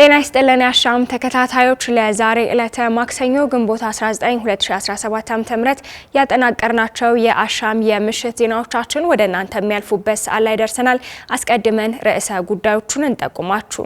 ጤና ይስጥልን የአሻም ተከታታዮች፣ ለዛሬ ዕለተ ማክሰኞ ግንቦት 19 2017 ዓ.ም ያጠናቀርናቸው የአሻም የምሽት ዜናዎቻችን ወደ እናንተ የሚያልፉበት ሰዓት ላይ ደርሰናል። አስቀድመን ርዕሰ ጉዳዮቹን እንጠቁማችሁ።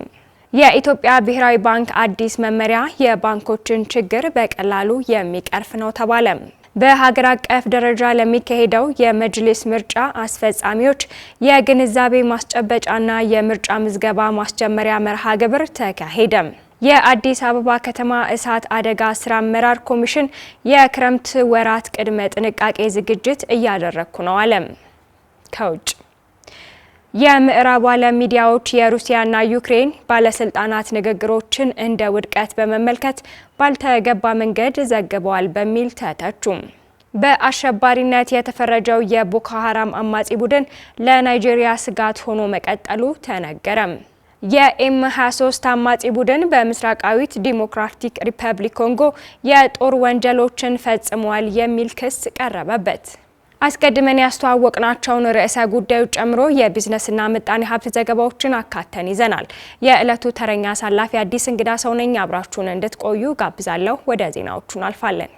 የኢትዮጵያ ብሔራዊ ባንክ አዲስ መመሪያ የባንኮችን ችግር በቀላሉ የሚቀርፍ ነው ተባለም። በሀገር አቀፍ ደረጃ ለሚካሄደው የመጅሊስ ምርጫ አስፈጻሚዎች የግንዛቤ ማስጨበጫና የምርጫ ምዝገባ ማስጀመሪያ መርሃ ግብር ተካሄደም። የአዲስ አበባ ከተማ እሳት አደጋ ስራ አመራር ኮሚሽን የክረምት ወራት ቅድመ ጥንቃቄ ዝግጅት እያደረግኩ ነው አለም። ከውጭ የምዕራብ ዓለም ሚዲያዎች የሩሲያና ዩክሬን ባለስልጣናት ንግግሮችን እንደ ውድቀት በመመልከት ባልተገባ መንገድ ዘግበዋል በሚል ተተቹም። በአሸባሪነት የተፈረጀው የቦኮ ሀራም አማጺ ቡድን ለናይጄሪያ ስጋት ሆኖ መቀጠሉ ተነገረም። የኤም 23 አማጺ ቡድን በምስራቃዊት ዲሞክራቲክ ሪፐብሊክ ኮንጎ የጦር ወንጀሎችን ፈጽሟል የሚል ክስ ቀረበበት። አስቀድመን ያስተዋወቅናቸውን ርዕሰ ጉዳዮች ጨምሮ የቢዝነስና ምጣኔ ሀብት ዘገባዎችን አካተን ይዘናል። የዕለቱ ተረኛ አሳላፊ አዲስ እንግዳ ሰውነኝ አብራችሁን እንድትቆዩ ጋብዛለሁ። ወደ ዜናዎቹ እናልፋለን።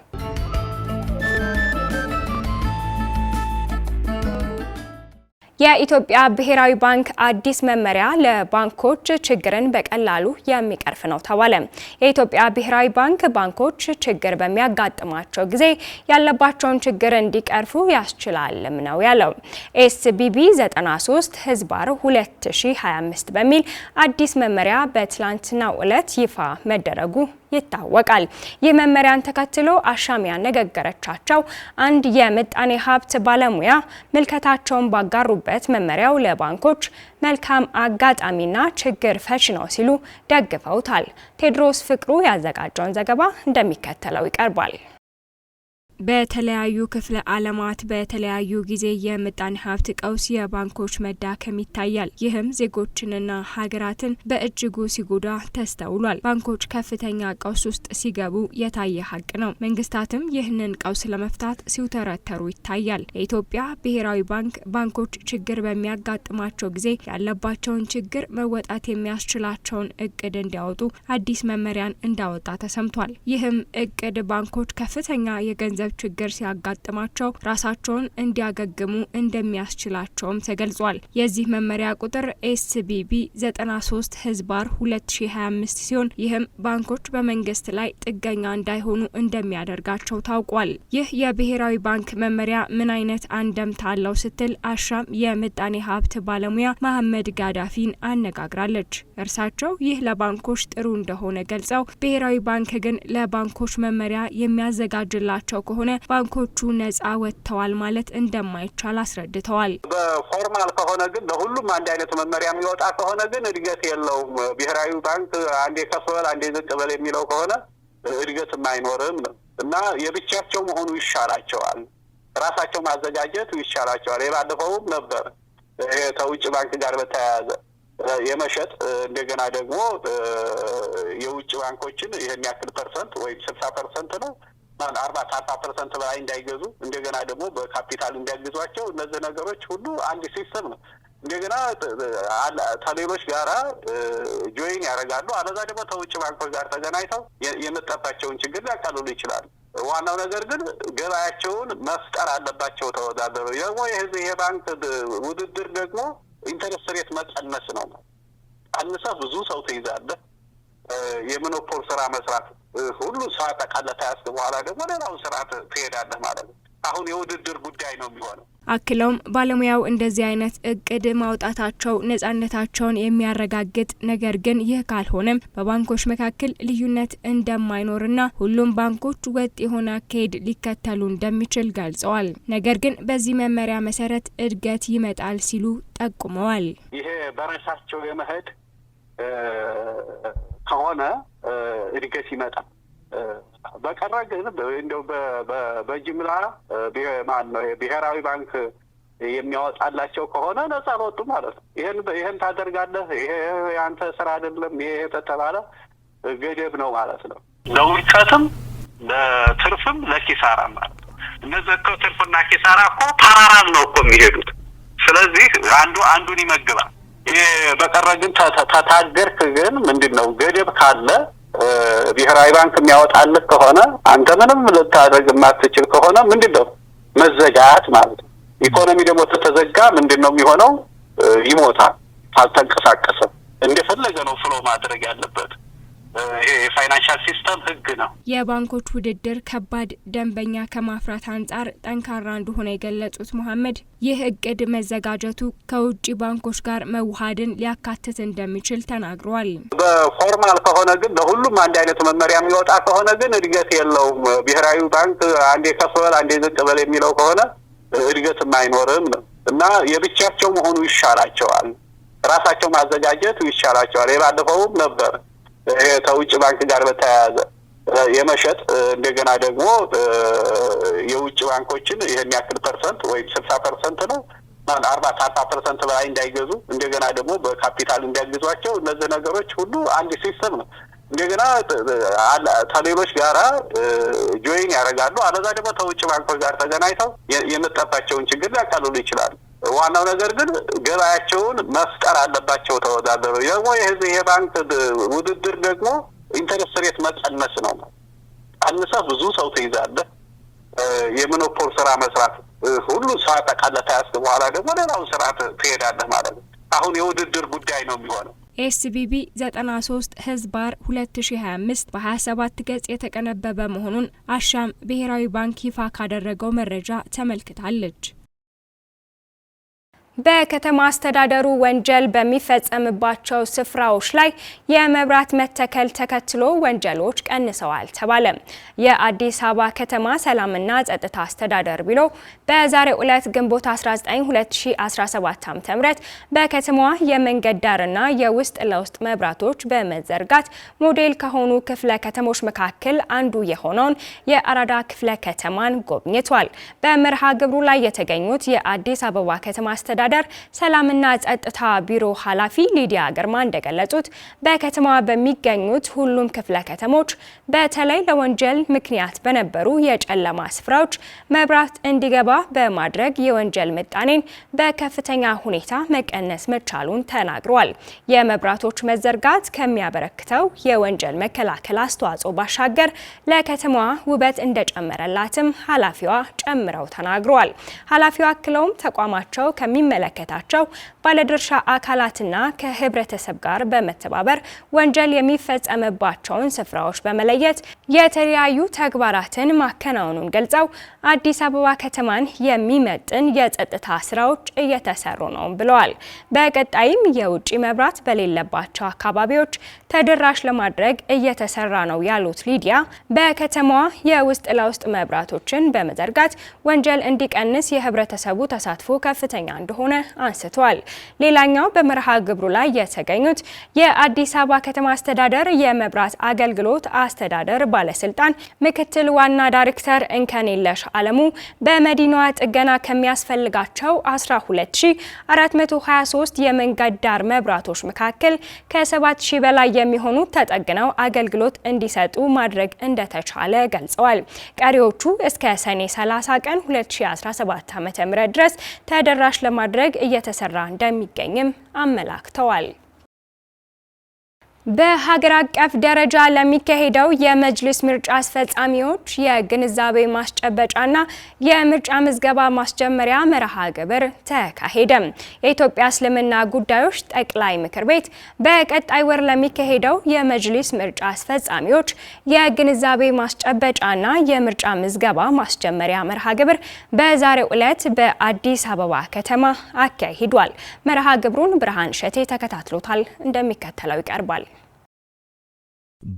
የኢትዮጵያ ብሔራዊ ባንክ አዲስ መመሪያ ለባንኮች ችግርን በቀላሉ የሚቀርፍ ነው ተባለ። የኢትዮጵያ ብሔራዊ ባንክ ባንኮች ችግር በሚያጋጥማቸው ጊዜ ያለባቸውን ችግር እንዲቀርፉ ያስችላልም ነው ያለው። ኤስቢቢ 93 ህዝባር 2025 በሚል አዲስ መመሪያ በትላንትናው ዕለት ይፋ መደረጉ ይታወቃል። ይህ መመሪያን ተከትሎ አሻም ያነጋገረቻቸው አንድ የምጣኔ ሀብት ባለሙያ ምልከታቸውን ባጋሩበት መመሪያው ለባንኮች መልካም አጋጣሚና ችግር ፈች ነው ሲሉ ደግፈውታል። ቴድሮስ ፍቅሩ ያዘጋጀውን ዘገባ እንደሚከተለው ይቀርባል። በተለያዩ ክፍለ ዓለማት በተለያዩ ጊዜ የምጣኔ ሀብት ቀውስ የባንኮች መዳከም ይታያል። ይህም ዜጎችንና ሀገራትን በእጅጉ ሲጎዳ ተስተውሏል። ባንኮች ከፍተኛ ቀውስ ውስጥ ሲገቡ የታየ ሀቅ ነው። መንግስታትም ይህንን ቀውስ ለመፍታት ሲውተረተሩ ይታያል። የኢትዮጵያ ብሔራዊ ባንክ ባንኮች ችግር በሚያጋጥማቸው ጊዜ ያለባቸውን ችግር መወጣት የሚያስችላቸውን እቅድ እንዲያወጡ አዲስ መመሪያን እንዳወጣ ተሰምቷል። ይህም እቅድ ባንኮች ከፍተኛ የገንዘብ ችግር ሲያጋጥማቸው ራሳቸውን እንዲያገግሙ እንደሚያስችላቸውም ተገልጿል። የዚህ መመሪያ ቁጥር ኤስቢቢ 93 ህዝባር 2025 ሲሆን ይህም ባንኮች በመንግስት ላይ ጥገኛ እንዳይሆኑ እንደሚያደርጋቸው ታውቋል። ይህ የብሔራዊ ባንክ መመሪያ ምን አይነት አንደምታ አለው ስትል አሻም የምጣኔ ሀብት ባለሙያ መሐመድ ጋዳፊን አነጋግራለች። እርሳቸው ይህ ለባንኮች ጥሩ እንደሆነ ገልጸው ብሔራዊ ባንክ ግን ለባንኮች መመሪያ የሚያዘጋጅላቸው ከሆነ ከሆነ ባንኮቹ ነጻ ወጥተዋል ማለት እንደማይቻል አስረድተዋል። በፎርማል ከሆነ ግን ለሁሉም አንድ አይነት መመሪያ የሚወጣ ከሆነ ግን እድገት የለውም። ብሔራዊ ባንክ አንዴ ከፍ በል አንዴ ዝቅ በል የሚለው ከሆነ እድገትም አይኖርም ነው እና የብቻቸው መሆኑ ይሻላቸዋል። ራሳቸው ማዘጋጀቱ ይሻላቸዋል። የባለፈውም ነበር ከውጭ ባንክ ጋር በተያያዘ የመሸጥ እንደገና ደግሞ የውጭ ባንኮችን ይህን ያክል ፐርሰንት ወይም ስልሳ ፐርሰንት ነው አርባ ከአርባ ፐርሰንት በላይ እንዳይገዙ እንደገና ደግሞ በካፒታል እንዲያግዟቸው እነዚህ ነገሮች ሁሉ አንድ ሲስተም ነው። እንደገና ከሌሎች ጋራ ጆይን ያደርጋሉ። አለዛ ደግሞ ከውጭ ባንኮች ጋር ተገናኝተው የመጠባቸውን ችግር ሊያቃልሉ ይችላሉ። ዋናው ነገር ግን ገበያቸውን መፍጠር አለባቸው። ተወዳደሩ ደግሞ የህዝብ የባንክ ውድድር ደግሞ ኢንተረስት ሬት መቀነስ ነው። አንሰ ብዙ ሰው ትይዛለህ የመኖፖል ስራ መስራት ሁሉ ስራ ጠቃለት ያስ በኋላ ደግሞ ሌላውን ስርዓት ትሄዳለህ ማለት ነው። አሁን የውድድር ጉዳይ ነው የሚሆነው። አክለውም ባለሙያው እንደዚህ አይነት እቅድ ማውጣታቸው ነጻነታቸውን የሚያረጋግጥ ነገር ግን ይህ ካልሆነም በባንኮች መካከል ልዩነት እንደማይኖርና ሁሉም ባንኮች ወጥ የሆነ አካሄድ ሊከተሉ እንደሚችል ገልጸዋል። ነገር ግን በዚህ መመሪያ መሰረት እድገት ይመጣል ሲሉ ጠቁመዋል። ይሄ በራሳቸው የመሄድ ከሆነ እድገት ይመጣል። በቀረ ግን እንደው በጅምላ ማን ነው ብሔራዊ ባንክ የሚያወጣላቸው ከሆነ ነጻ አልወጡ ማለት ነው። ይህን ይህን ታደርጋለህ፣ ይሄ የአንተ ስራ አይደለም፣ ይሄ ተተባለ ገደብ ነው ማለት ነው። ለውድቀትም ለትርፍም ለኪሳራ ማለት ነው። እነዚህ እኮ ትርፍና ኪሳራ እኮ ተራራል ነው እኮ የሚሄዱት። ስለዚህ አንዱ አንዱን ይመግባል። በቀረ ግን ተታገርክ ግን ምንድን ነው ገደብ ካለ ብሔራዊ ባንክ የሚያወጣልህ ከሆነ አንተ ምንም ልታደርግ የማትችል ከሆነ ምንድን ነው መዘጋት ማለት ነው። ኢኮኖሚ ደግሞ ተተዘጋ ምንድን ነው የሚሆነው? ይሞታል። አልተንቀሳቀሰም። እንደፈለገ ነው ፍሎ ማድረግ ያለበት። ይሄ የፋይናንሻል ሲስተም ህግ ነው። የባንኮች ውድድር ከባድ ደንበኛ ከማፍራት አንጻር ጠንካራ እንደሆነ የገለጹት መሀመድ ይህ እቅድ መዘጋጀቱ ከውጭ ባንኮች ጋር መዋሃድን ሊያካትት እንደሚችል ተናግሯል። በፎርማል ከሆነ ግን ለሁሉም አንድ አይነት መመሪያ የሚወጣ ከሆነ ግን እድገት የለውም። ብሔራዊ ባንክ አንዴ ከፍ በል አንዴ ዝቅ በል የሚለው ከሆነ እድገትም አይኖርም እና የብቻቸው መሆኑ ይሻላቸዋል። ራሳቸው ማዘጋጀቱ ይሻላቸዋል። የባለፈውም ነበር ከውጭ ባንክ ጋር በተያያዘ የመሸጥ እንደገና ደግሞ የውጭ ባንኮችን ይህን ያክል ፐርሰንት ወይም ስልሳ ፐርሰንት ነው አርባ ከአርባ ፐርሰንት በላይ እንዳይገዙ እንደገና ደግሞ በካፒታል እንዲያግዟቸው እነዚህ ነገሮች ሁሉ አንድ ሲስተም ነው። እንደገና ከሌሎች ጋራ ጆይን ያደርጋሉ። አለዛ ደግሞ ከውጭ ባንኮች ጋር ተገናኝተው የመጣባቸውን ችግር ሊያቃልሉ ይችላሉ። ዋናው ነገር ግን ገበያቸውን መፍጠር አለባቸው። ተወዳደሩ ደግሞ የህዝብ የባንክ ውድድር ደግሞ ኢንተረስት ሬት መቀነስ ነው። ቀንሰ ብዙ ሰው ትይዛለህ። የሞኖፖል ስራ መስራት ሁሉ ስራ ጠቃለህ ከያዝክ በኋላ ደግሞ ሌላውን ስርዓት ትሄዳለህ ማለት ነው። አሁን የውድድር ጉዳይ ነው የሚሆነው። ኤስቢቢ 93 ህዝባር 2025 በ27 ገጽ የተቀነበበ መሆኑን አሻም ብሔራዊ ባንክ ይፋ ካደረገው መረጃ ተመልክታለች። በከተማ አስተዳደሩ ወንጀል በሚፈጸምባቸው ስፍራዎች ላይ የመብራት መተከል ተከትሎ ወንጀሎች ቀንሰዋል ተባለ። የአዲስ አበባ ከተማ ሰላምና ጸጥታ አስተዳደር ቢሮ በዛሬው ዕለት ግንቦት 19 2017 ዓ.ም በከተማዋ የመንገድ ዳርና የውስጥ ለውስጥ መብራቶች በመዘርጋት ሞዴል ከሆኑ ክፍለ ከተሞች መካከል አንዱ የሆነውን የአራዳ ክፍለ ከተማን ጎብኝቷል። በመርሃ ግብሩ ላይ የተገኙት የአዲስ አበባ ከተማ አስተዳደር አስተዳደር ሰላምና ጸጥታ ቢሮ ኃላፊ ሊዲያ ግርማ እንደገለጹት በከተማዋ በሚገኙት ሁሉም ክፍለ ከተሞች በተለይ ለወንጀል ምክንያት በነበሩ የጨለማ ስፍራዎች መብራት እንዲገባ በማድረግ የወንጀል ምጣኔን በከፍተኛ ሁኔታ መቀነስ መቻሉን ተናግሯል። የመብራቶች መዘርጋት ከሚያበረክተው የወንጀል መከላከል አስተዋጽኦ ባሻገር ለከተማዋ ውበት እንደጨመረላትም ኃላፊዋ ጨምረው ተናግረዋል። ኃላፊዋ አክለውም ተቋማቸው ከሚመ የሚመለከታቸው ባለድርሻ አካላትና ከህብረተሰብ ጋር በመተባበር ወንጀል የሚፈጸምባቸውን ስፍራዎች በመለየት የተለያዩ ተግባራትን ማከናወኑን ገልጸው አዲስ አበባ ከተማን የሚመጥን የጸጥታ ስራዎች እየተሰሩ ነው ብለዋል። በቀጣይም የውጭ መብራት በሌለባቸው አካባቢዎች ተደራሽ ለማድረግ እየተሰራ ነው ያሉት ሊዲያ በከተማዋ የውስጥ ለውስጥ መብራቶችን በመዘርጋት ወንጀል እንዲቀንስ የህብረተሰቡ ተሳትፎ ከፍተኛ እንደሆነ አንስተዋል። ሌላኛው በመርሃ ግብሩ ላይ የተገኙት የአዲስ አበባ ከተማ አስተዳደር የመብራት አገልግሎት አስተዳደር ባለስልጣን ምክትል ዋና ዳይሬክተር እንከኔለሽ አለሙ በመዲናዋ ጥገና ከሚያስፈልጋቸው 12423 የመንገድ ዳር መብራቶች መካከል ከ7000 በላይ የሚሆኑ ተጠግነው አገልግሎት እንዲሰጡ ማድረግ እንደተቻለ ገልጸዋል። ቀሪዎቹ እስከ ሰኔ 30 ቀን 2017 ዓ.ም ድረስ ተደራሽ ለማድረግ እየተሰራ እንደሚገኝም አመላክተዋል። በሀገር አቀፍ ደረጃ ለሚካሄደው የመጅልስ ምርጫ አስፈጻሚዎች የግንዛቤ ማስጨበጫና የምርጫ ምዝገባ ማስጀመሪያ መርሃ ግብር ተካሄደ። የኢትዮጵያ እስልምና ጉዳዮች ጠቅላይ ምክር ቤት በቀጣይ ወር ለሚካሄደው የመጅልስ ምርጫ አስፈጻሚዎች የግንዛቤ ማስጨበጫና የምርጫ ምዝገባ ማስጀመሪያ መርሃ ግብር በዛሬው ዕለት በአዲስ አበባ ከተማ አካሂዷል። መርሃ ግብሩን ብርሃን ሸቴ ተከታትሎታል፣ እንደሚከተለው ይቀርባል።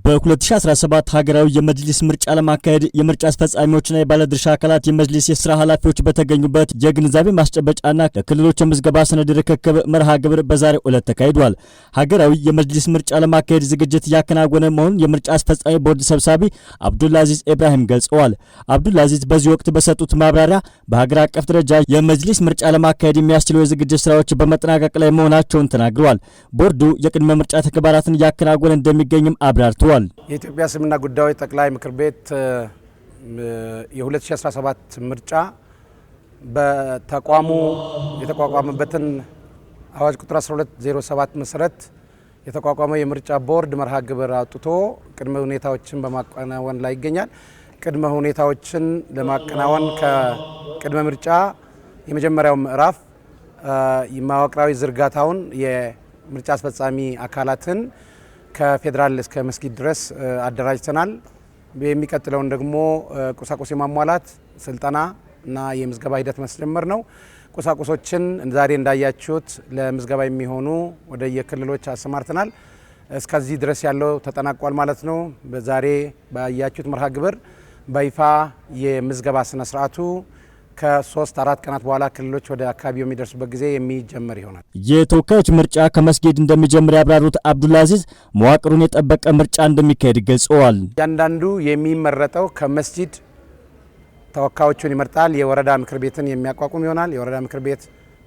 በ2017 ሀገራዊ የመጅሊስ ምርጫ ለማካሄድ የምርጫ አስፈጻሚዎችና የባለድርሻ አካላት የመጅሊስ የስራ ኃላፊዎች በተገኙበት የግንዛቤ ማስጨበጫና ለክልሎች የምዝገባ ሰነድ ርክክብ መርሃ ግብር በዛሬው ዕለት ተካሂዷል። ሀገራዊ የመጅሊስ ምርጫ ለማካሄድ ዝግጅት እያከናወነ መሆኑን የምርጫ አስፈጻሚ ቦርድ ሰብሳቢ አብዱልአዚዝ ኢብራሂም ገልጸዋል። አብዱልአዚዝ በዚህ ወቅት በሰጡት ማብራሪያ በሀገር አቀፍ ደረጃ የመጅሊስ ምርጫ ለማካሄድ የሚያስችሉ የዝግጅት ስራዎች በመጠናቀቅ ላይ መሆናቸውን ተናግረዋል። ቦርዱ የቅድመ ምርጫ ተግባራትን እያከናወነ እንደሚገኝም አብራ አብራርተዋል። የኢትዮጵያ እስልምና ጉዳዮች ጠቅላይ ምክር ቤት የ2017 ምርጫ በተቋሙ የተቋቋመበትን አዋጅ ቁጥር 1207 መሰረት የተቋቋመው የምርጫ ቦርድ መርሃ ግብር አውጥቶ ቅድመ ሁኔታዎችን በማከናወን ላይ ይገኛል። ቅድመ ሁኔታዎችን ለማከናወን ከቅድመ ምርጫ የመጀመሪያው ምዕራፍ መዋቅራዊ ዝርጋታውን የምርጫ አስፈጻሚ አካላትን ከፌዴራል እስከ መስጊድ ድረስ አደራጅተናል። የሚቀጥለውን ደግሞ ቁሳቁስ የማሟላት ስልጠና እና የምዝገባ ሂደት ማስጀመር ነው። ቁሳቁሶችን ዛሬ እንዳያችሁት ለምዝገባ የሚሆኑ ወደ የክልሎች አሰማርተናል። እስከዚህ ድረስ ያለው ተጠናቋል ማለት ነው። በዛሬ ባያችሁት መርሃ ግብር በይፋ የምዝገባ ስነ ስርዓቱ ከሶስት አራት ቀናት በኋላ ክልሎች ወደ አካባቢው የሚደርሱበት ጊዜ የሚጀምር ይሆናል። የተወካዮች ምርጫ ከመስጌድ እንደሚጀምር ያብራሩት አብዱልአዚዝ መዋቅሩን የጠበቀ ምርጫ እንደሚካሄድ ገልጸዋል። እያንዳንዱ የሚመረጠው ከመስጂድ ተወካዮቹን ይመርጣል። የወረዳ ምክር ቤትን የሚያቋቁም ይሆናል። የወረዳ ምክር ቤት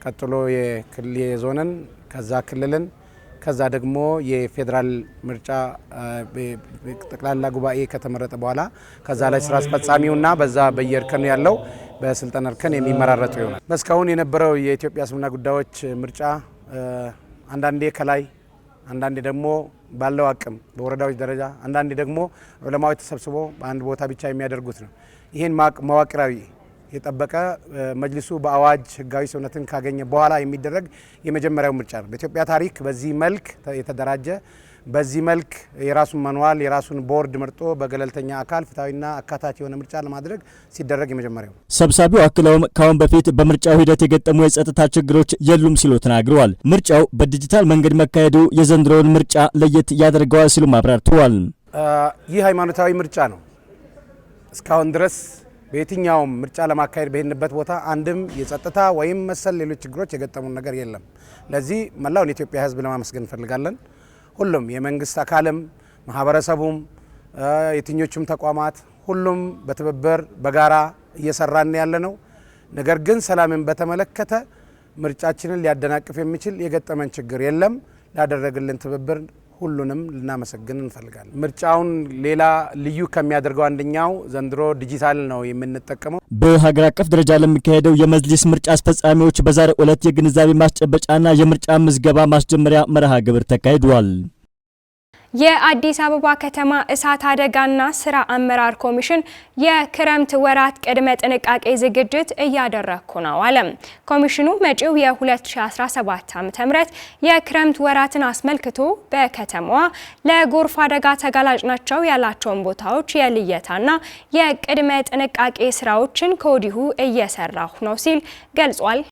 ቀጥሎ የዞንን፣ ከዛ ክልልን፣ ከዛ ደግሞ የፌዴራል ምርጫ ጠቅላላ ጉባኤ ከተመረጠ በኋላ ከዛ ላይ ስራ አስፈጻሚውና በዛ በየእርከኑ ያለው በስልጣን እርከን የሚመራረጡ ይሆናል። እስካሁን የነበረው የኢትዮጵያ እስልምና ጉዳዮች ምርጫ አንዳንዴ ከላይ አንዳንዴ ደግሞ ባለው አቅም በወረዳዎች ደረጃ አንዳንዴ ደግሞ ዑለማዎች ተሰብስቦ በአንድ ቦታ ብቻ የሚያደርጉት ነው። ይህን መዋቅራዊ የጠበቀ መጅልሱ በአዋጅ ህጋዊ ሰውነትን ካገኘ በኋላ የሚደረግ የመጀመሪያው ምርጫ ነው። በኢትዮጵያ ታሪክ በዚህ መልክ የተደራጀ በዚህ መልክ የራሱን መንዋል የራሱን ቦርድ መርጦ በገለልተኛ አካል ፍትሐዊና አካታች የሆነ ምርጫ ለማድረግ ሲደረግ የመጀመሪያው። ሰብሳቢው አክለውም ካሁን በፊት በምርጫው ሂደት የገጠሙ የጸጥታ ችግሮች የሉም ሲሉ ተናግረዋል። ምርጫው በዲጂታል መንገድ መካሄዱ የዘንድሮውን ምርጫ ለየት ያደርገዋል ሲሉ አብራርተዋል። ይህ ሃይማኖታዊ ምርጫ ነው። እስካሁን ድረስ በየትኛውም ምርጫ ለማካሄድ በሄድንበት ቦታ አንድም የጸጥታ ወይም መሰል ሌሎች ችግሮች የገጠሙን ነገር የለም። ለዚህ መላውን የኢትዮጵያ ሕዝብ ለማመስገን እንፈልጋለን። ሁሉም የመንግስት አካልም ማህበረሰቡም የትኞቹም ተቋማት ሁሉም በትብብር በጋራ እየሰራን ያለ ነው። ነገር ግን ሰላምን በተመለከተ ምርጫችንን ሊያደናቅፍ የሚችል የገጠመን ችግር የለም። ላደረግልን ትብብር ሁሉንም ልናመሰግን እንፈልጋለን። ምርጫውን ሌላ ልዩ ከሚያደርገው አንደኛው ዘንድሮ ዲጂታል ነው የምንጠቀመው። በሀገር አቀፍ ደረጃ ለሚካሄደው የመጅሊስ ምርጫ አስፈጻሚዎች በዛሬው ዕለት የግንዛቤ ማስጨበጫና የምርጫ ምዝገባ ማስጀመሪያ መርሃ ግብር ተካሂዷል። የአዲስ አበባ ከተማ እሳት አደጋና ስራ አመራር ኮሚሽን የክረምት ወራት ቅድመ ጥንቃቄ ዝግጅት እያደረግኩ ነው አለ። ኮሚሽኑ መጪው የ2017 ዓ.ም የክረምት ወራትን አስመልክቶ በከተማዋ ለጎርፍ አደጋ ተጋላጭ ናቸው ያላቸውን ቦታዎች የልየታና የቅድመ ጥንቃቄ ስራዎችን ከወዲሁ እየሰራሁ ነው ሲል ገልጿል።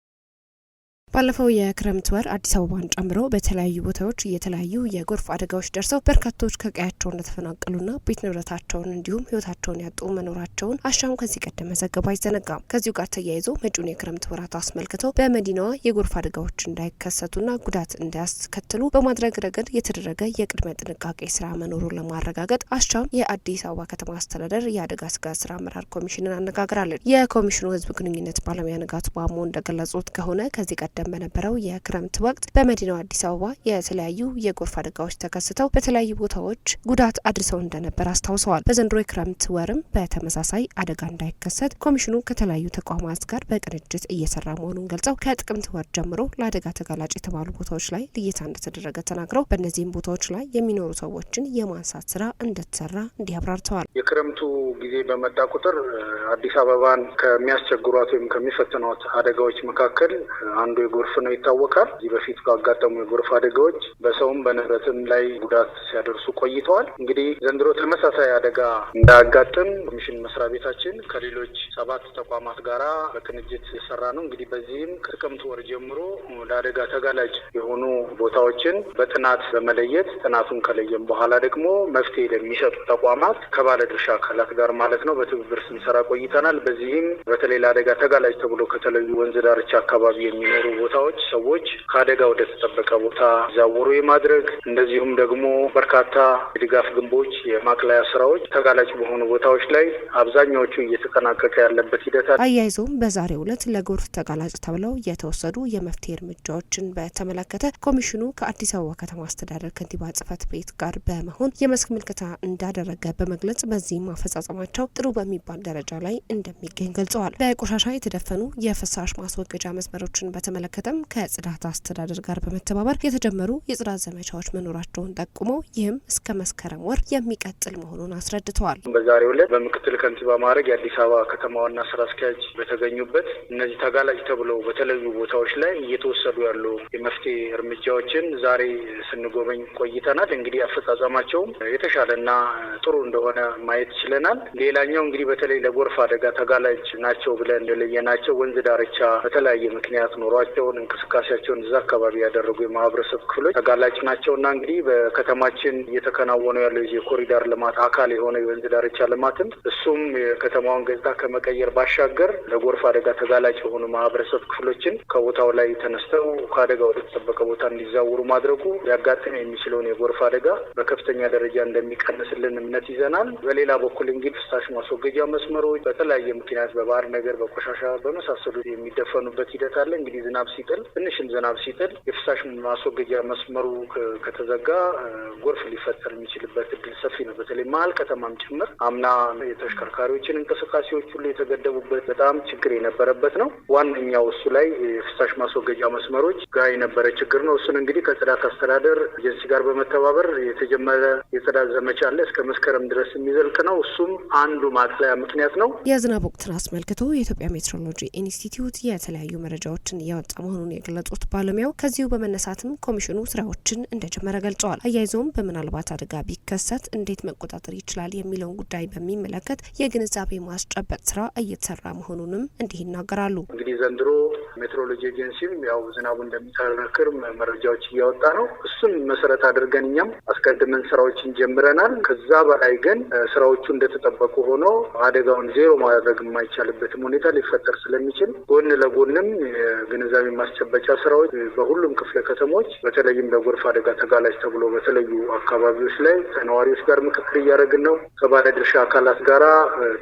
ባለፈው የክረምት ወር አዲስ አበባን ጨምሮ በተለያዩ ቦታዎች የተለያዩ የጎርፍ አደጋዎች ደርሰው በርካቶች ከቀያቸው እንደተፈናቀሉና ቤት ንብረታቸውን እንዲሁም ህይወታቸውን ያጡ መኖራቸውን አሻም ከዚህ ቀደም መዘገቡ አይዘነጋም። ከዚሁ ጋር ተያይዞ መጪውን የክረምት ወራት አስመልክቶ በመዲናዋ የጎርፍ አደጋዎች እንዳይከሰቱና ጉዳት እንዳያስከትሉ በማድረግ ረገድ የተደረገ የቅድመ ጥንቃቄ ስራ መኖሩን ለማረጋገጥ አሻም የአዲስ አበባ ከተማ አስተዳደር የአደጋ ስጋት ስራ አመራር ኮሚሽንን አነጋግራለን። የኮሚሽኑ ህዝብ ግንኙነት ባለሙያ ንጋቱ ባሞ እንደገለጹት ከሆነ ከዚህ ቀደም ቀደም በነበረው የክረምት ወቅት በመዲናው አዲስ አበባ የተለያዩ የጎርፍ አደጋዎች ተከስተው በተለያዩ ቦታዎች ጉዳት አድርሰው እንደነበር አስታውሰዋል። በዘንድሮ የክረምት ወርም በተመሳሳይ አደጋ እንዳይከሰት ኮሚሽኑ ከተለያዩ ተቋማት ጋር በቅንጅት እየሰራ መሆኑን ገልጸው ከጥቅምት ወር ጀምሮ ለአደጋ ተጋላጭ የተባሉ ቦታዎች ላይ ልየታ እንደተደረገ ተናግረው በእነዚህም ቦታዎች ላይ የሚኖሩ ሰዎችን የማንሳት ስራ እንደተሰራ እንዲህ አብራርተዋል። የክረምቱ ጊዜ በመጣ ቁጥር አዲስ አበባን ከሚያስቸግሯት ወይም ከሚፈትኗት አደጋዎች መካከል አንዱ ጎርፍ ነው ይታወቃል። እዚህ በፊት ባጋጠሙ የጎርፍ አደጋዎች በሰውም በንብረትም ላይ ጉዳት ሲያደርሱ ቆይተዋል። እንግዲህ ዘንድሮ ተመሳሳይ አደጋ እንዳያጋጥም ኮሚሽን መስሪያ ቤታችን ከሌሎች ሰባት ተቋማት ጋራ በቅንጅት የሰራ ነው። እንግዲህ በዚህም ከጥቅምት ወር ጀምሮ ለአደጋ ተጋላጭ የሆኑ ቦታዎችን በጥናት በመለየት ጥናቱን ከለየም በኋላ ደግሞ መፍትሄ ለሚሰጡ ተቋማት ከባለድርሻ አካላት ጋር ማለት ነው በትብብር ስንሰራ ቆይተናል። በዚህም በተለይ ለአደጋ ተጋላጭ ተብሎ ከተለዩ ወንዝ ዳርቻ አካባቢ የሚኖሩ ቦታዎች ሰዎች ከአደጋ ወደ ተጠበቀ ቦታ ዛወሩ የማድረግ እንደዚሁም ደግሞ በርካታ የድጋፍ ግንቦች የማቅለያ ስራዎች ተጋላጭ በሆኑ ቦታዎች ላይ አብዛኛዎቹ እየተጠናቀቀ ያለበት ሂደት አያይዘውም በዛሬው ዕለት ለጎርፍ ተጋላጭ ተብለው የተወሰዱ የመፍትሄ እርምጃዎችን በተመለከተ ኮሚሽኑ ከአዲስ አበባ ከተማ አስተዳደር ከንቲባ ጽህፈት ቤት ጋር በመሆን የመስክ ምልከታ እንዳደረገ በመግለጽ በዚህም አፈጻጸማቸው ጥሩ በሚባል ደረጃ ላይ እንደሚገኝ ገልጸዋል። በቆሻሻ የተደፈኑ የፍሳሽ ማስወገጃ መስመሮችን በተመለከተ በተመለከተም ከጽዳት አስተዳደር ጋር በመተባበር የተጀመሩ የጽዳት ዘመቻዎች መኖራቸውን ጠቁመው ይህም እስከ መስከረም ወር የሚቀጥል መሆኑን አስረድተዋል። በዛሬው ዕለት በምክትል ከንቲባ ማዕረግ የአዲስ አበባ ከተማ ዋና ስራ አስኪያጅ በተገኙበት እነዚህ ተጋላጭ ተብለው በተለዩ ቦታዎች ላይ እየተወሰዱ ያሉ የመፍትሄ እርምጃዎችን ዛሬ ስንጎበኝ ቆይተናል። እንግዲህ አፈጻጸማቸውም የተሻለና ጥሩ እንደሆነ ማየት ችለናል። ሌላኛው እንግዲህ በተለይ ለጎርፍ አደጋ ተጋላጭ ናቸው ብለን የለየናቸው ወንዝ ዳርቻ በተለያየ ምክንያት ኖሯቸው ስራቸውን እንቅስቃሴያቸውን እዛ አካባቢ ያደረጉ የማህበረሰብ ክፍሎች ተጋላጭ ናቸው እና እንግዲህ በከተማችን እየተከናወኑ ያለው የኮሪዳር ልማት አካል የሆነ የወንዝ ዳርቻ ልማትም እሱም የከተማውን ገጽታ ከመቀየር ባሻገር ለጎርፍ አደጋ ተጋላጭ የሆኑ ማህበረሰብ ክፍሎችን ከቦታው ላይ ተነስተው ከአደጋ ወደ ተጠበቀ ቦታ እንዲዛወሩ ማድረጉ ሊያጋጥም የሚችለውን የጎርፍ አደጋ በከፍተኛ ደረጃ እንደሚቀንስልን እምነት ይዘናል። በሌላ በኩል እንግዲህ ፍሳሽ ማስወገጃ መስመሮች በተለያየ ምክንያት በባህር ነገር፣ በቆሻሻ በመሳሰሉ የሚደፈኑበት ሂደት አለ እንግዲህ ዝና ዝናብ ሲጥል ትንሽም ዝናብ ሲጥል የፍሳሽ ማስወገጃ መስመሩ ከተዘጋ ጎርፍ ሊፈጠር የሚችልበት እድል ሰፊ ነው። በተለይ መሀል ከተማም ጭምር አምና የተሽከርካሪዎችን እንቅስቃሴዎች ሁሉ የተገደቡበት በጣም ችግር የነበረበት ነው። ዋነኛው እሱ ላይ የፍሳሽ ማስወገጃ መስመሮች ጋር የነበረ ችግር ነው። እሱን እንግዲህ ከጽዳት አስተዳደር ኤጀንሲ ጋር በመተባበር የተጀመረ የጽዳት ዘመቻ አለ። እስከ መስከረም ድረስ የሚዘልቅ ነው። እሱም አንዱ ማጥለያ ምክንያት ነው። የዝናብ ወቅትን አስመልክቶ የኢትዮጵያ ሜትሮሎጂ ኢንስቲትዩት የተለያዩ መረጃዎችን ያወጣ እየተሰጠ መሆኑን የገለጹት ባለሙያው ከዚሁ በመነሳትም ኮሚሽኑ ስራዎችን እንደጀመረ ገልጸዋል። አያይዘውም በምናልባት አደጋ ቢከሰት እንዴት መቆጣጠር ይችላል የሚለውን ጉዳይ በሚመለከት የግንዛቤ ማስጨበጥ ስራ እየተሰራ መሆኑንም እንዲህ ይናገራሉ። እንግዲህ ዘንድሮ ሜትሮሎጂ ኤጀንሲም ያው ዝናቡ እንደሚጠረክር መረጃዎች እያወጣ ነው። እሱን መሰረት አድርገን እኛም አስቀድመን ስራዎችን ጀምረናል። ከዛ በላይ ግን ስራዎቹ እንደተጠበቁ ሆኖ አደጋውን ዜሮ ማድረግ የማይቻልበትም ሁኔታ ሊፈጠር ስለሚችል ጎን ለጎንም ግንዛቤ የግንዛቤ ማስጨበጫ ስራዎች በሁሉም ክፍለ ከተሞች በተለይም ለጎርፍ አደጋ ተጋላጭ ተብሎ በተለዩ አካባቢዎች ላይ ከነዋሪዎች ጋር ምክክር እያደረግን ነው። ከባለድርሻ አካላት ጋር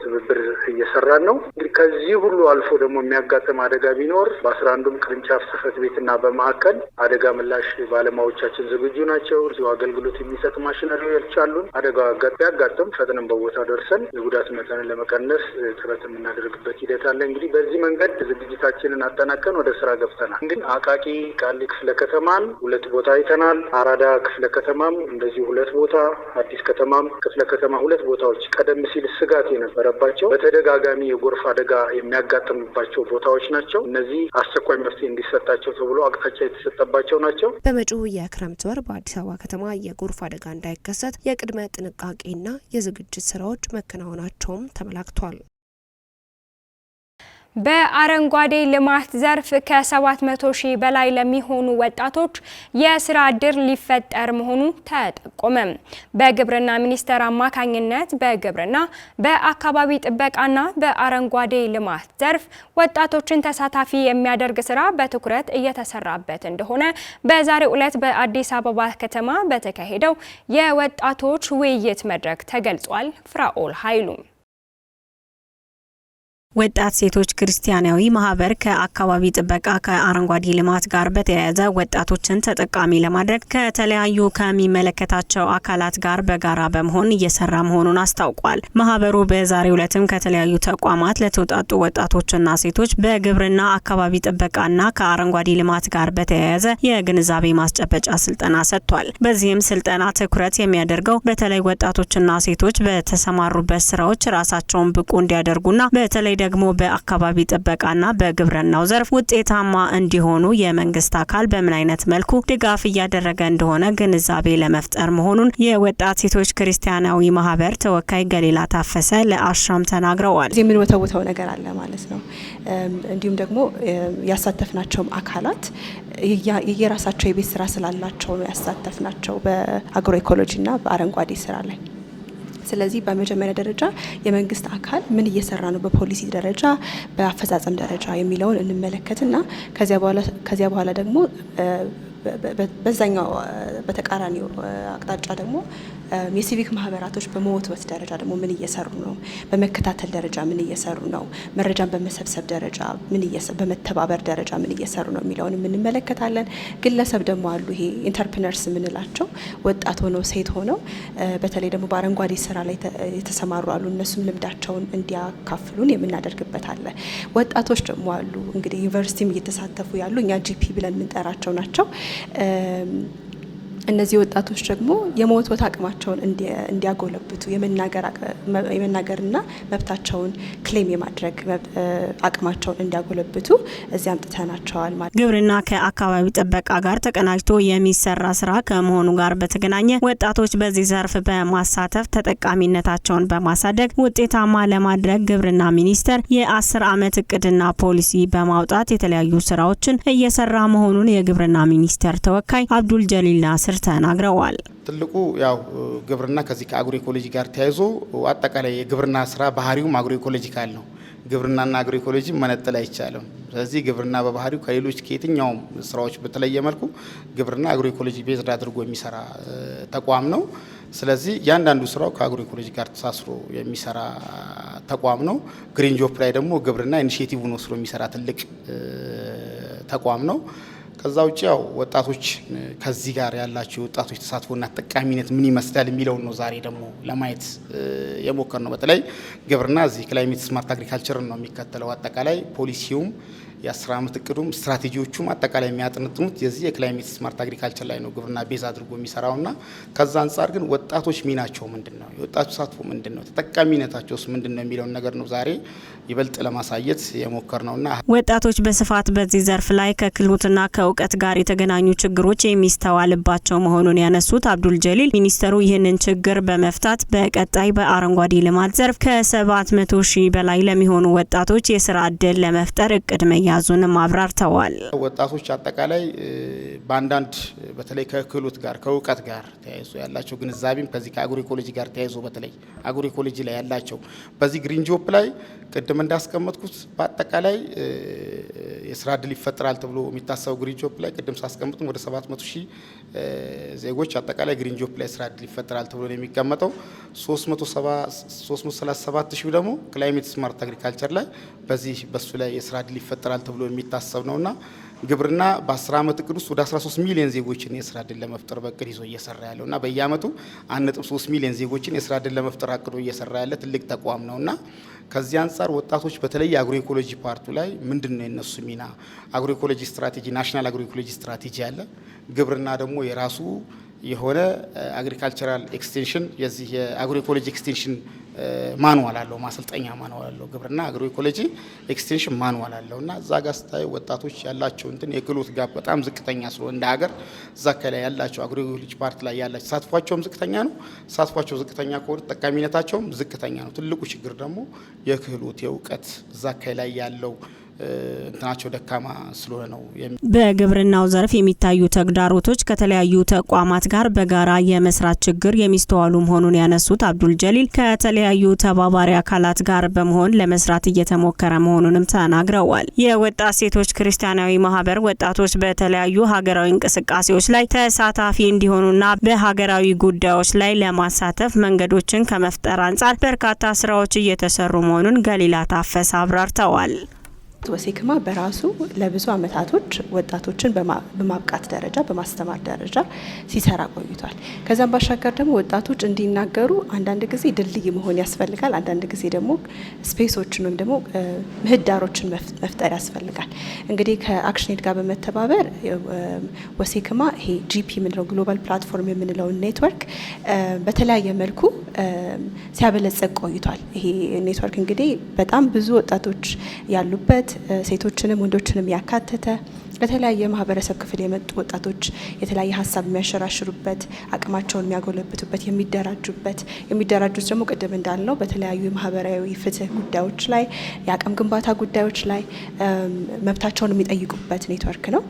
ትብብር እየሰራን ነው። እንግዲህ ከዚህ ሁሉ አልፎ ደግሞ የሚያጋጥም አደጋ ቢኖር በአስራ አንዱም ቅርንጫፍ ጽህፈት ቤትና በማዕከል አደጋ ምላሽ ባለሙያዎቻችን ዝግጁ ናቸው። እዚሁ አገልግሎት የሚሰጥ ማሽነሪዎች አሉን። አደጋ ቢያጋጥም ፈጥነን በቦታ ደርሰን የጉዳት መጠንን ለመቀነስ ጥረት የምናደርግበት ሂደት አለ። እንግዲህ በዚህ መንገድ ዝግጅታችንን አጠናቀን ወደ ስራ ገ ገብተናል። ግን አቃቂ ቃሊ ክፍለ ከተማን ሁለት ቦታ አይተናል። አራዳ ክፍለ ከተማም እንደዚህ ሁለት ቦታ፣ አዲስ ከተማም ክፍለ ከተማ ሁለት ቦታዎች ቀደም ሲል ስጋት የነበረባቸው በተደጋጋሚ የጎርፍ አደጋ የሚያጋጥምባቸው ቦታዎች ናቸው። እነዚህ አስቸኳይ መፍትሄ እንዲሰጣቸው ተብሎ አቅጣጫ የተሰጠባቸው ናቸው። በመጪው የክረምት ወር በአዲስ አበባ ከተማ የጎርፍ አደጋ እንዳይከሰት የቅድመ ጥንቃቄና የዝግጅት ስራዎች መከናወናቸውም ተመላክቷል። በአረንጓዴ ልማት ዘርፍ ከ700 ሺህ በላይ ለሚሆኑ ወጣቶች የስራ እድል ሊፈጠር መሆኑ ተጠቆመ። በግብርና ሚኒስቴር አማካኝነት በግብርና በአካባቢ ጥበቃና በአረንጓዴ ልማት ዘርፍ ወጣቶችን ተሳታፊ የሚያደርግ ስራ በትኩረት እየተሰራበት እንደሆነ በዛሬው ዕለት በአዲስ አበባ ከተማ በተካሄደው የወጣቶች ውይይት መድረክ ተገልጿል። ፍራኦል ኃይሉም ወጣት ሴቶች ክርስቲያናዊ ማህበር ከአካባቢ ጥበቃ ከአረንጓዴ ልማት ጋር በተያያዘ ወጣቶችን ተጠቃሚ ለማድረግ ከተለያዩ ከሚመለከታቸው አካላት ጋር በጋራ በመሆን እየሰራ መሆኑን አስታውቋል። ማህበሩ በዛሬው ዕለትም ከተለያዩ ተቋማት ለተውጣጡ ወጣቶችና ሴቶች በግብርና አካባቢ ጥበቃና ከአረንጓዴ ልማት ጋር በተያያዘ የግንዛቤ ማስጨበጫ ስልጠና ሰጥቷል። በዚህም ስልጠና ትኩረት የሚያደርገው በተለይ ወጣቶችና ሴቶች በተሰማሩበት ስራዎች ራሳቸውን ብቁ እንዲያደርጉና በተለይ ደግሞ በአካባቢ ጥበቃና በግብርናው ዘርፍ ውጤታማ እንዲሆኑ የመንግስት አካል በምን አይነት መልኩ ድጋፍ እያደረገ እንደሆነ ግንዛቤ ለመፍጠር መሆኑን የወጣት ሴቶች ክርስቲያናዊ ማህበር ተወካይ ገሊላ ታፈሰ ለአሻም ተናግረዋል። እዚህ የምንወተውተው ነገር አለ ማለት ነው። እንዲሁም ደግሞ ያሳተፍናቸውም አካላት የየራሳቸው የቤት ስራ ስላላቸው ነው ያሳተፍናቸው በአግሮ ኢኮሎጂና በአረንጓዴ ስራ ላይ ስለዚህ በመጀመሪያ ደረጃ የመንግስት አካል ምን እየሰራ ነው በፖሊሲ ደረጃ በአፈጻጸም ደረጃ የሚለውን እንመለከትና ከዚያ በኋላ ደግሞ በዛኛው በተቃራኒው አቅጣጫ ደግሞ የሲቪክ ማህበራቶች በመወትወት ደረጃ ደግሞ ምን እየሰሩ ነው? በመከታተል ደረጃ ምን እየሰሩ ነው? መረጃን በመሰብሰብ ደረጃ ምን በመተባበር ደረጃ ምን እየሰሩ ነው የሚለውን እንመለከታለን። ግለሰብ ደግሞ አሉ። ይሄ ኢንተርፕነርስ የምንላቸው ወጣት ሆነው ሴት ሆነው በተለይ ደግሞ በአረንጓዴ ስራ ላይ የተሰማሩ አሉ። እነሱም ልምዳቸውን እንዲያካፍሉን የምናደርግበት አለ። ወጣቶች ደግሞ አሉ። እንግዲህ ዩኒቨርሲቲም እየተሳተፉ ያሉ እኛ ጂፒ ብለን የምንጠራቸው ናቸው። Um, እነዚህ ወጣቶች ደግሞ የመወትወት አቅማቸውን እንዲያጎለብቱ የመናገርና መብታቸውን ክሌም የማድረግ አቅማቸውን እንዲያጎለብቱ እዚያ አምጥተናቸዋል። ማለት ግብርና ከአካባቢ ጥበቃ ጋር ተቀናጅቶ የሚሰራ ስራ ከመሆኑ ጋር በተገናኘ ወጣቶች በዚህ ዘርፍ በማሳተፍ ተጠቃሚነታቸውን በማሳደግ ውጤታማ ለማድረግ ግብርና ሚኒስቴር የአስር ዓመት እቅድና ፖሊሲ በማውጣት የተለያዩ ስራዎችን እየሰራ መሆኑን የግብርና ሚኒስቴር ተወካይ አብዱል ጀሊል ናስር ተናግረዋል። ትልቁ ያው ግብርና ከዚህ ከአግሮ ኢኮሎጂ ጋር ተያይዞ አጠቃላይ የግብርና ስራ ባህሪውም አግሮ ኢኮሎጂካል ነው። ግብርናና አግሮ ኢኮሎጂ መነጠል አይቻልም። ስለዚህ ግብርና በባህሪው ከሌሎች ከየትኛውም ስራዎች በተለየ መልኩ ግብርና አግሮ ኢኮሎጂ ቤዝድ አድርጎ የሚሰራ ተቋም ነው። ስለዚህ እያንዳንዱ ስራው ከአግሮ ኢኮሎጂ ጋር ተሳስሮ የሚሰራ ተቋም ነው። ግሪን ጆፕ ላይ ደግሞ ግብርና ኢኒሽቲቭ ነው የሚሰራ ትልቅ ተቋም ነው። ከዛ ውጭ ያው ወጣቶች ከዚህ ጋር ያላቸው የወጣቶች ተሳትፎና ተጠቃሚነት ምን ይመስላል የሚለውን ነው ዛሬ ደግሞ ለማየት የሞከር ነው። በተለይ ግብርና እዚህ ክላይሜት ስማርት አግሪካልቸርን ነው የሚከተለው። አጠቃላይ ፖሊሲውም የአስር ዓመት እቅዱም ስትራቴጂዎቹም አጠቃላይ የሚያጥንጥኑት የዚህ የክላይሜት ስማርት አግሪካልቸር ላይ ነው ግብርና ቤዝ አድርጎ የሚሰራውና ከዛ አንጻር ግን ወጣቶች ሚናቸው ምንድን ነው፣ የወጣቱ ተሳትፎ ምንድን ነው፣ ተጠቃሚነታቸውስ ምንድን ነው የሚለውን ነገር ነው ዛሬ ይበልጥ ለማሳየት የሞከር ነውና ወጣቶች በስፋት በዚህ ዘርፍ ላይ ከክህሎትና ከእውቀት ጋር የተገናኙ ችግሮች የሚስተዋልባቸው መሆኑን ያነሱት አብዱል ጀሊል ሚኒስተሩ ይህንን ችግር በመፍታት በቀጣይ በአረንጓዴ ልማት ዘርፍ ከ700 ሺህ በላይ ለሚሆኑ ወጣቶች የስራ እድል ለመፍጠር እቅድ መያዙንም አብራርተዋል። ወጣቶች አጠቃላይ በአንዳንድ በተለይ ከክህሎት ጋር ከእውቀት ጋር ተያይዞ ያላቸው ግንዛቤም ከዚህ ከአግሮ ጋር ተያይዞ በተለይ አግሮ ላይ ያላቸው በዚህ ግሪን ጆፕ ላይ ቅድም ቅድም እንዳስቀመጥኩት በአጠቃላይ የስራ እድል ይፈጠራል ተብሎ የሚታሰበው ግሪን ጆብ ላይ ቅድም ሳስቀምጥም ወደ 700 ሺህ ዜጎች አጠቃላይ ግሪን ጆብ ላይ ስራ እድል ይፈጠራል ተብሎ ነው የሚቀመጠው። 337 ሺህ ደግሞ ክላይሜት ስማርት አግሪካልቸር ላይ በዚህ በሱ ላይ የስራ እድል ይፈጠራል ተብሎ የሚታሰብ እና ግብርና በ10 ዓመት እቅድ ውስጥ ወደ 13 ሚሊዮን ዜጎችን የስራ እድል ለመፍጠር በእቅድ ይዞ እየሰራ ያለው እና በየአመቱ 1.3 ሚሊዮን ዜጎችን የስራ እድል ለመፍጠር አቅዶ እየሰራ ያለ ትልቅ ተቋም ነውና ከዚህ አንጻር ወጣቶች በተለይ አግሮ ኢኮሎጂ ፓርቱ ላይ ምንድን ነው የነሱ ሚና? አግሮ ስትራቴጂ፣ ናሽናል አግሮ ስትራቴጂ አለ። ግብርና ደግሞ የራሱ የሆነ አግሪካልቸራል ኤክስቴንሽን የዚህ የአግሮ ኢኮሎጂ ኤክስቴንሽን ማንዋል አለው፣ ማሰልጠኛ ማንዋል አለው። ግብርና አግሮ ኢኮሎጂ ኤክስቴንሽን ማንዋል አለው እና እዛ ጋር ስታዩ ወጣቶች ያላቸው እንትን የክህሎት ጋፕ በጣም ዝቅተኛ ስለሆነ እንደ ሀገር እዛ ከላይ ያላቸው አግሮ ኢኮሎጂ ፓርት ላይ ያላቸው ተሳትፏቸውም ዝቅተኛ ነው። ተሳትፏቸው ዝቅተኛ ከሆነ ጠቃሚነታቸውም ዝቅተኛ ነው። ትልቁ ችግር ደግሞ የክህሎት የእውቀት እዛ ከላይ ያለው እንትናቸው ደካማ ስለሆነ ነው። በግብርናው ዘርፍ የሚታዩ ተግዳሮቶች ከተለያዩ ተቋማት ጋር በጋራ የመስራት ችግር የሚስተዋሉ መሆኑን ያነሱት አብዱል ጀሊል ከተለያዩ ተባባሪ አካላት ጋር በመሆን ለመስራት እየተሞከረ መሆኑንም ተናግረዋል። የወጣት ሴቶች ክርስቲያናዊ ማህበር ወጣቶች በተለያዩ ሀገራዊ እንቅስቃሴዎች ላይ ተሳታፊ እንዲሆኑና በሀገራዊ ጉዳዮች ላይ ለማሳተፍ መንገዶችን ከመፍጠር አንጻር በርካታ ስራዎች እየተሰሩ መሆኑን ገሊላ ታፈሰ አብራርተዋል። ወሴክማ በራሱ ለብዙ ዓመታቶች ወጣቶችን በማብቃት ደረጃ በማስተማር ደረጃ ሲሰራ ቆይቷል። ከዛም ባሻገር ደግሞ ወጣቶች እንዲናገሩ አንዳንድ ጊዜ ድልድይ መሆን ያስፈልጋል። አንዳንድ ጊዜ ደግሞ ስፔሶችን ወይም ደግሞ ምህዳሮችን መፍጠር ያስፈልጋል። እንግዲህ ከአክሽኔድ ጋር በመተባበር ወሴክማ ይሄ ጂፒ የምንለው ግሎባል ፕላትፎርም የምንለውን ኔትወርክ በተለያየ መልኩ ሲያበለጸግ ቆይቷል። ይሄ ኔትወርክ እንግዲህ በጣም ብዙ ወጣቶች ያሉበት ሴቶችንም ወንዶችንም ያካተተ ለተለያየ ማህበረሰብ ክፍል የመጡ ወጣቶች የተለያየ ሀሳብ የሚያሸራሽሩበት አቅማቸውን የሚያጎለብቱበት የሚደራጁበት የሚደራጁት ደግሞ ቅድም እንዳልነው በተለያዩ የማህበራዊ ፍትህ ጉዳዮች ላይ የአቅም ግንባታ ጉዳዮች ላይ መብታቸውን የሚጠይቁበት ኔትወርክ ነው።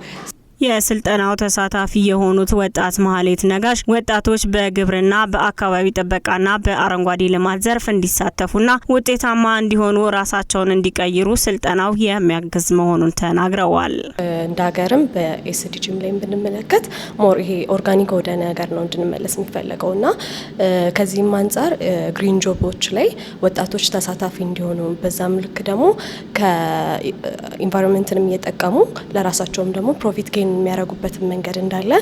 የስልጠናው ተሳታፊ የሆኑት ወጣት መሀሌት ነጋሽ ወጣቶች በግብርና በአካባቢ ጥበቃና በአረንጓዴ ልማት ዘርፍ እንዲሳተፉና ውጤታማ እንዲሆኑ ራሳቸውን እንዲቀይሩ ስልጠናው የሚያግዝ መሆኑን ተናግረዋል። እንደ ሀገርም በኤስዲጂም ላይ ብንመለከት ሞር ይሄ ኦርጋኒክ ወደ ነገር ነው እንድንመለስ የሚፈለገው ና ከዚህም አንጻር ግሪን ጆቦች ላይ ወጣቶች ተሳታፊ እንዲሆኑ በዛም ልክ ደግሞ ከኢንቫይሮንመንትንም እየጠቀሙ ለራሳቸውም ደግሞ ፕሮፊት ጌን የሚያደርጉበትን መንገድ እንዳለ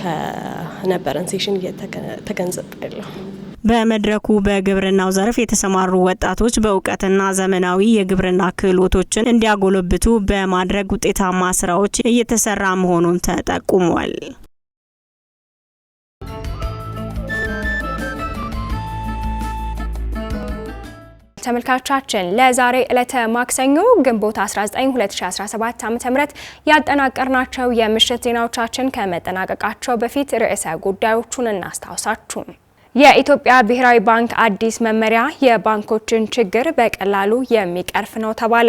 ከነበረን ሴሽን ተገንዘብ ያለው። በመድረኩ በግብርናው ዘርፍ የተሰማሩ ወጣቶች በእውቀትና ዘመናዊ የግብርና ክህሎቶችን እንዲያጎለብቱ በማድረግ ውጤታማ ስራዎች እየተሰራ መሆኑን ተጠቁሟል። ተመልካቾቻችን ለዛሬ ዕለተ ማክሰኞ ግንቦት 19 2017 ዓ.ም ያጠናቀርናቸው የምሽት ዜናዎቻችን ከመጠናቀቃቸው በፊት ርዕሰ ጉዳዮቹን እናስታውሳችሁ። የኢትዮጵያ ብሔራዊ ባንክ አዲስ መመሪያ የባንኮችን ችግር በቀላሉ የሚቀርፍ ነው ተባለ።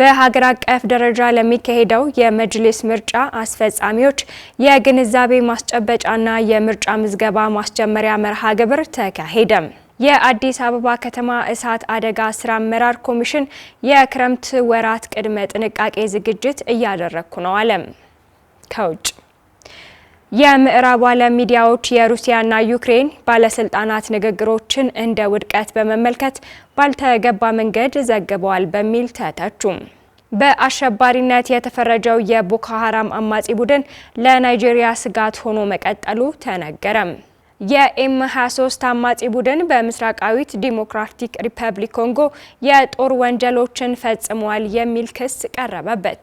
በሀገር አቀፍ ደረጃ ለሚካሄደው የመጅሊስ ምርጫ አስፈጻሚዎች የግንዛቤ ማስጨበጫና የምርጫ ምዝገባ ማስጀመሪያ መርሃ ግብር ተካሄደም። የአዲስ አበባ ከተማ እሳት አደጋ ስራ አመራር ኮሚሽን የክረምት ወራት ቅድመ ጥንቃቄ ዝግጅት እያደረግኩ ነው አለም። ከውጭ የምዕራብ ዓለም ሚዲያዎች የሩሲያና ዩክሬን ባለስልጣናት ንግግሮችን እንደ ውድቀት በመመልከት ባልተገባ መንገድ ዘግበዋል በሚል ተተቹ በአሸባሪነት የተፈረጀው የቦኮ ሀራም አማጺ ቡድን ለናይጄሪያ ስጋት ሆኖ መቀጠሉ ተነገረም። የኤም 23 አማጺ ቡድን በምስራቃዊት ዲሞክራቲክ ሪፐብሊክ ኮንጎ የጦር ወንጀሎችን ፈጽሟል የሚል ክስ ቀረበበት።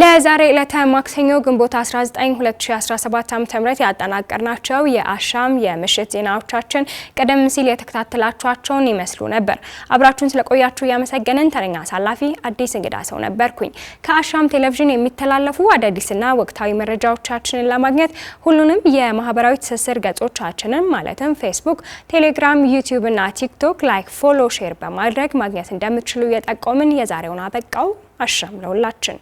ለዛሬ ዕለተ ማክሰኞ ግንቦት 19 2017 ዓ.ም ያጠናቀርናቸው የአሻም የምሽት ዜናዎቻችን ቀደም ሲል የተከታተላችኋቸውን ይመስሉ ነበር። አብራችሁን ስለቆያችሁ እያመሰገንን ተረኛ አሳላፊ አዲስ እንግዳ ሰው ነበርኩኝ። ከአሻም ቴሌቪዥን የሚተላለፉ አዳዲስና ወቅታዊ መረጃዎቻችንን ለማግኘት ሁሉንም የማህበራዊ ትስስር ገጾቻችንን ማለትም ፌስቡክ፣ ቴሌግራም፣ ዩቲዩብ እና ቲክቶክ ላይክ፣ ፎሎ፣ ሼር በማድረግ ማግኘት እንደምትችሉ የጠቆምን የዛሬውን አበቃው። አሻም ለሁላችን!